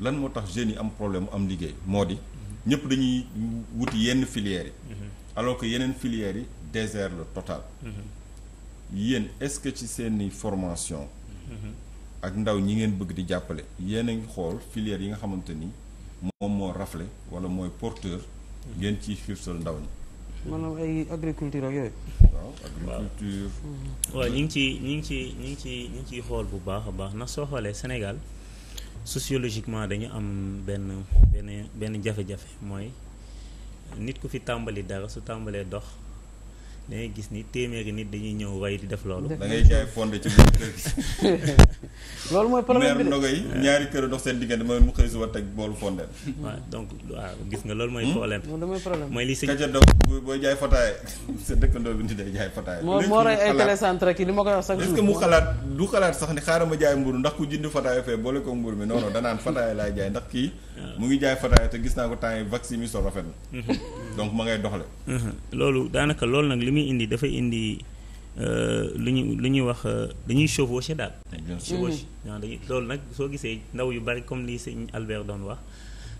lan moo tax jeunes yi am problème am liggéey moo di ñëpp dañuy wuti yenn filières yi alors que yeneen filières yi désert le total yéen est-ce que ci seeni formation ak ndaw ñi ngeen bëgg di jàppale yéen a xool filières yi nga xamante ni moom moo rafle wala mooy porteur ngeen ci xiifsal ndaw ñi maanaam ay agriculture ak yooyu. waaw agriculture. waaw ñu ngi ci ñu ngi ci ñu ngi ci ñu ngi ciy xool bu baax a baax ndax soo xoolee Sénégal. sociologiquement dañu am benn benn benn jafe-jafe mooy nit ku fi tàmbali dara su tàmbalee dox da ngay gis ni téeméeri nit dañuy ñëw way di def loolu. da ngay jaay fondé ci biir kër gi. loolu mooy problème bi de ndogo yi ñaari kër dox seen diggante mooy mu xëy suba teg boolu fondé. waaw donc waaw gis nga loolu mooy hmm? problème. loolu mooy problème mooy li si. kaca doog booy jaay fataay sa dëkkandoo bi day jaay fataay. moo moo rey ay télécentre ki li ma koy wax sax. est-ce que mu xalaat du xalaat sax ni xaaral ma jaay mburu ndax ku jënd fataay fee boole ko mburu mi non non danaan fataay laay jaay ndax kii. mu ngi jaay fataay te gis naa ko temps yi vaccin mi so rafet na mm-hmm. donc ma ngay doxale mhm. loolu daanaka loolu nag li muy indi dafay indi euh, lu ñu lu ñuy wax euh, dañuy chevauché daal. Eh mhm. chevauché dañuy loolu nag soo gisee ndaw yu bari comme li sëñ Albert doon wax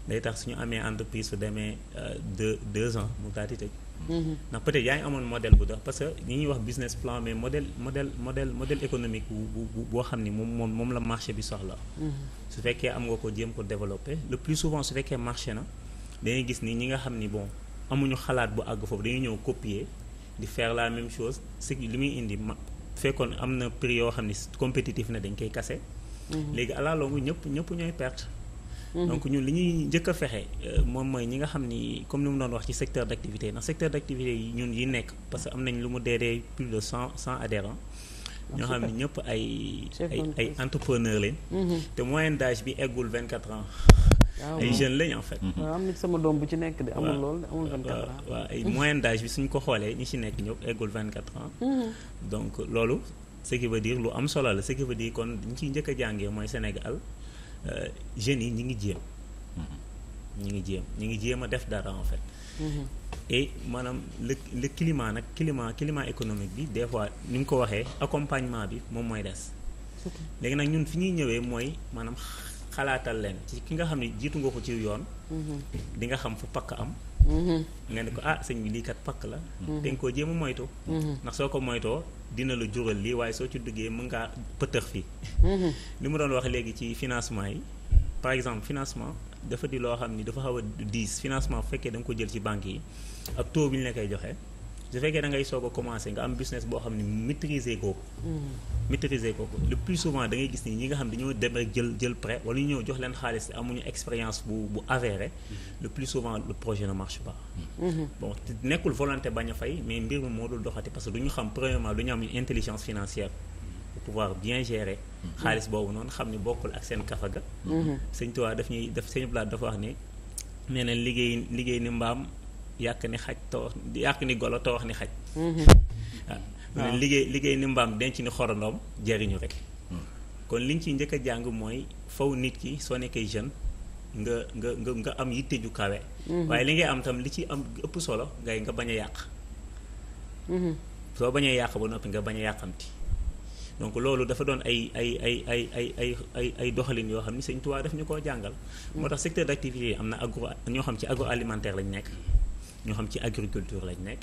day tax su ñu amee entreprise su demee euh, deux deux ans mu daal di tëj. Mhm. ndax peut-être yaa ngi amoon modèle bu dox parce que li ñuy wax business plan mais modèle modèle modèle modèle économique bu boo xam ni moom moom moom la marché bi soxla. su fekkee am nga ko jéem ko développer le plus souvent su fekkee na dangay ni ñi nga xam ni bon. amuñu xalaat bu àgg foofu dañuy ñëw copier di faire la même chose ce qui li muy indi ma fekkoon am na prix yoo xam ne compétitif na dañ koy kase mm-hmm. léegi à la longue ñëpp ñëpp ñooy perte mm-hmm. donc ñun li ñuy njëkk a fexe euh, moom mooy ñi nga xam ni comme ni mu doon wax ci secteur d' activité ndax secteur d' yi ñun yi nekk parce que am nañ lu mu deedee plus de cent cent adhérents ñoo xam ne ñëpp ay ay entrepreneur leen mm-hmm. te moyenne d'âge bi eggul vingt quatre ans ay jeunes lañ en fait. Mm-hmm. am bu ci nekk de amul lool amul 24 ans. waaw ay moyenne d'âge bi suñ ko xoolee ñu ci nekk ñëpp eggul 24 ans. Mm-hmm. donc loolu ce qui veut dire lu am solo la ce qui veut dire kon ñi ciy njëkk a jàngee mooy Sénégal euh, jeunes yi ñu ngi jéem. Mm-hmm. ñi ngi jéem ñi ngi jéem a def dara en fait. et maanaam le le climat nag climat climat économique bi des fois ni mu ko waxee accompagnement bi moom mooy des. léegi nag ñun fi ñuy ñëwee mooy maanaam xalaatal leen ci ki nga xam ne jiitu nga ko ci yoon mhm. di nga xam fu pakk am mhm. nga ne ko ah sëñ bi lii kat pakk la te mhm. nga koo jéem a moytu ndax soo ko moytoo dina la jural lii waaye soo ci duggee mën ngaa pëtëx fii li mu doon wax léegi ci financement yi par exemple financement dafa di loo xam ni dafa xaw a diis financement fekkee da ko jël ci banque yi ak taux bi ñu la koy joxe su fekkee da ngay soog commencé nga am business boo xam ne maîtriser koo ko. Mm. maîtriser koo ko le plus souvent da ngay gis ni ñi nga xam dañoo dem rek jël jël prêt wala ñu ñëw leen xaalis amuñu expérience bu bu avéré mm-hmm. le plus souvent le projet ne marche pas. Mm-hmm. nekkul volonté bañ a fay mais mbir mi moo dul doxati parce que du ñu xam premièrement du ñu am intelligence financière. pouvoir bien gérer mm-hmm. xaalis boobu noonu xam ni bokkul ak seen kafaga. sëñ Tuubaa daf ñuy daf sëñ Blaat dafa wax ni nee na liggéey liggéey ni mbaam. yàq ni xaj te wax yàq ni golo te ni xaj mm-hmm. waaw ah. liggéey liggéey ni mbaam denc ni xorondoom jariñu rek mm. kon li ñu ciy njëkk a jàng mooy faw nit ki soo nekkee jeune nga nga nga nga am yitte ju kawe mm-hmm. waaye li ngay am tam li ci am ëpp solo ngay nga bañ a yàq mm-hmm. soo bañee yàq ba noppi nga bañ a yàqamti donc loolu dafa doon ay ay ay ay ay ay ay ay doxalin yoo xam ni Sëñ Tuubaa daf ñu koo jàngal mm. moo tax secteur d'activité yi am na agro ñoo xam ci ago alimentaire lañu nekk ñoo xam ci agriculture lañ nekk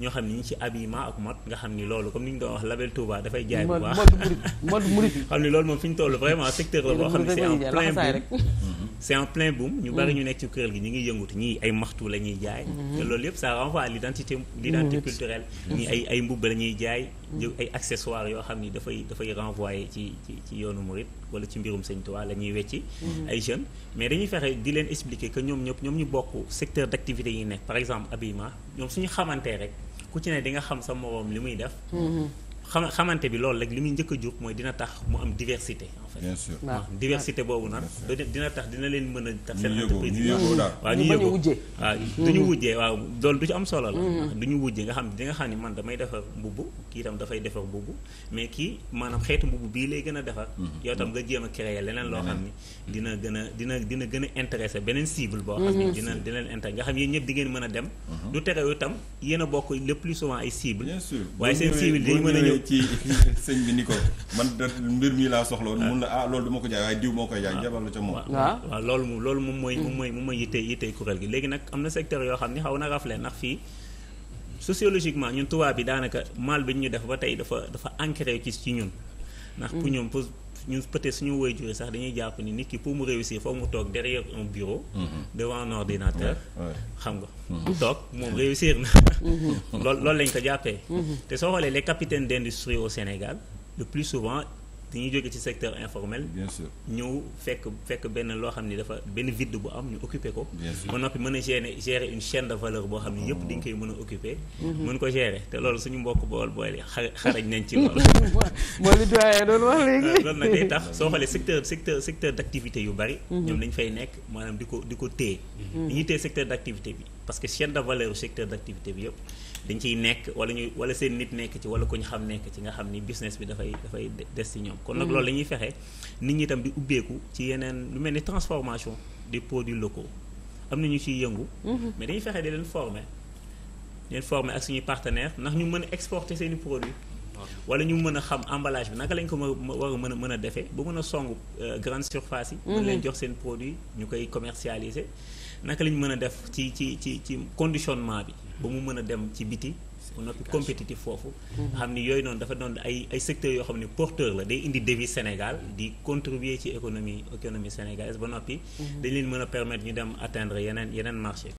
ñoo xam ni ci habillement ak mode nga xam ni loolu comme ni ñu doon wax label Touba dafay jaay bu baax xam ni loolu moom fi ñu toll vraiment secteur la boo xam ne c'est en plein boom c'est en plein boom ñu bari mm. ñu nekk ci kuréel gi ñu ngi yëngutu ñii ay maxtu la ñuy jaay mm-hmm. te loolu yëpp ça renvoie à l'identité l'identité culturelle mm-hmm. ñii ay ay mbubb la ñuy jaay mm-hmm. ay accessoires yoo xam ni dafay dafay renvoyer ci ci yoonu murit wala ci mbirum Sëñ Tuubaa la ñuy wecci ay jeunes mais dañuy fexe di leen expliquer que ñoom ñëpp ñoom ñu bokk secteur d'activité yi nekk par exemple habillement ñoom suñu xamantee rek ku ci ne di xam sa moroom li muy def xam xamante bi loolu rek li muy njëkk a jur mooy dina tax mu am diversité en fait bien sûr diversité boobu nag dina tax dina leen mën a tax seen entreprise waaw ñu yëgoo waaw du mm-hmm. du am solo la mm-hmm. du ñu wujje nga xam di nga xam ne man damay defar mbubb kii itam dafay defar mbubb mais kii maanaam xeetu mbubb bii lay gën a defar mm-hmm. yow tam nga jéem a créer leneen loo xam ni dina gën a dina dina gën a intéressé beneen cible boo xam ne dina dina leen intéressé nga xam yéen ñëpp di ngeen mën a dem du tere yow tam yéen a bokk le plus souvent ay cible waaye seen cible dañ mën a ñëw ñëwee ci sëñ bi ni ko man da mbir mi laa soxla woon mun na ah loolu du ma ko jaay waaye diw moo koy jaay jabal la ca moom waaw loolu moom loolu moom mooy moom mooy moom mooy yitte gi léegi nag am na secteur yoo xam ne xaw na rafle ndax fii sociologiquement ñun tubaab bi daanaka mal bi ñu def ba tey dafa dafa ancré ci ci ñun ndax pour ñoom pour ñu peut-être suñu waajur sax dañuy jàpp ni nit ki pour mu réussir foog mu toog derrière un bureau. Mm-hmm. devant un ordinateur. xam nga. bu mm-hmm. toog moom mm-hmm. réussir na. lool loolu lañ ko jàppee. te soo xoolee les capitaines d'industrie au Sénégal le plus souvent. dañuy jóge ci secteur informel. bien sûr ñëw fekk fekk benn loo xam ni dafa benn vide bu am ñu occuper ko. ba noppi mën a gérer gérer une chaîne de valeur boo xam ni yëpp dañ koy mën a occuper. Mhm. mën ko gérer te loolu suñu mbokk bool bool yi xarañ nañ ci loolu. mooy li doyen doon wax léegi. loolu nag day tax soo xoolee secteur secteur secteur d' activité yu bari. Mhm. ñoom dañ fay nekk maanaam di ko di ko téye. Mhm. dañuy téye secteur d' activité bi. parce que chaîne de valeur secteur d'activité bi yëpp dañ ciy nekk wala ñu wala seen nit nekk ci wala ko ñu xam nekk ci nga xam ni business bi dafay dafay des ci ñoom kon nag mm. loolu la ñuy fexe nit ñi itam di ubbeeku ci yeneen lu mel ni transformation des produits locaux am na ñu ciy yëngu mm-hmm. mais dañuy fexe di leen former di leen former ak suñuy partenaire ndax ñu mën a exporter seeni produits wala ñu mën a xam emballage bi naka lañ ko war a mën a mën a defee ba mën a song euh, grande surface mm-hmm. jox seen produit ñu koy commercialiser naka lañ mën a def ci ci ci ci conditionnement bi ba mu mën a dem ci biti bu noppi compétitif foofu mm-hmm. xam ni yooyu noonu dafa doon ay ay secteurs yoo xam ne porteur la day indi devise Sénégal di contribuer ci économie économie sénégalaise ba noppi mm-hmm. dañ leen mën a permettre ñu dem atteindre yeneen yeneen marché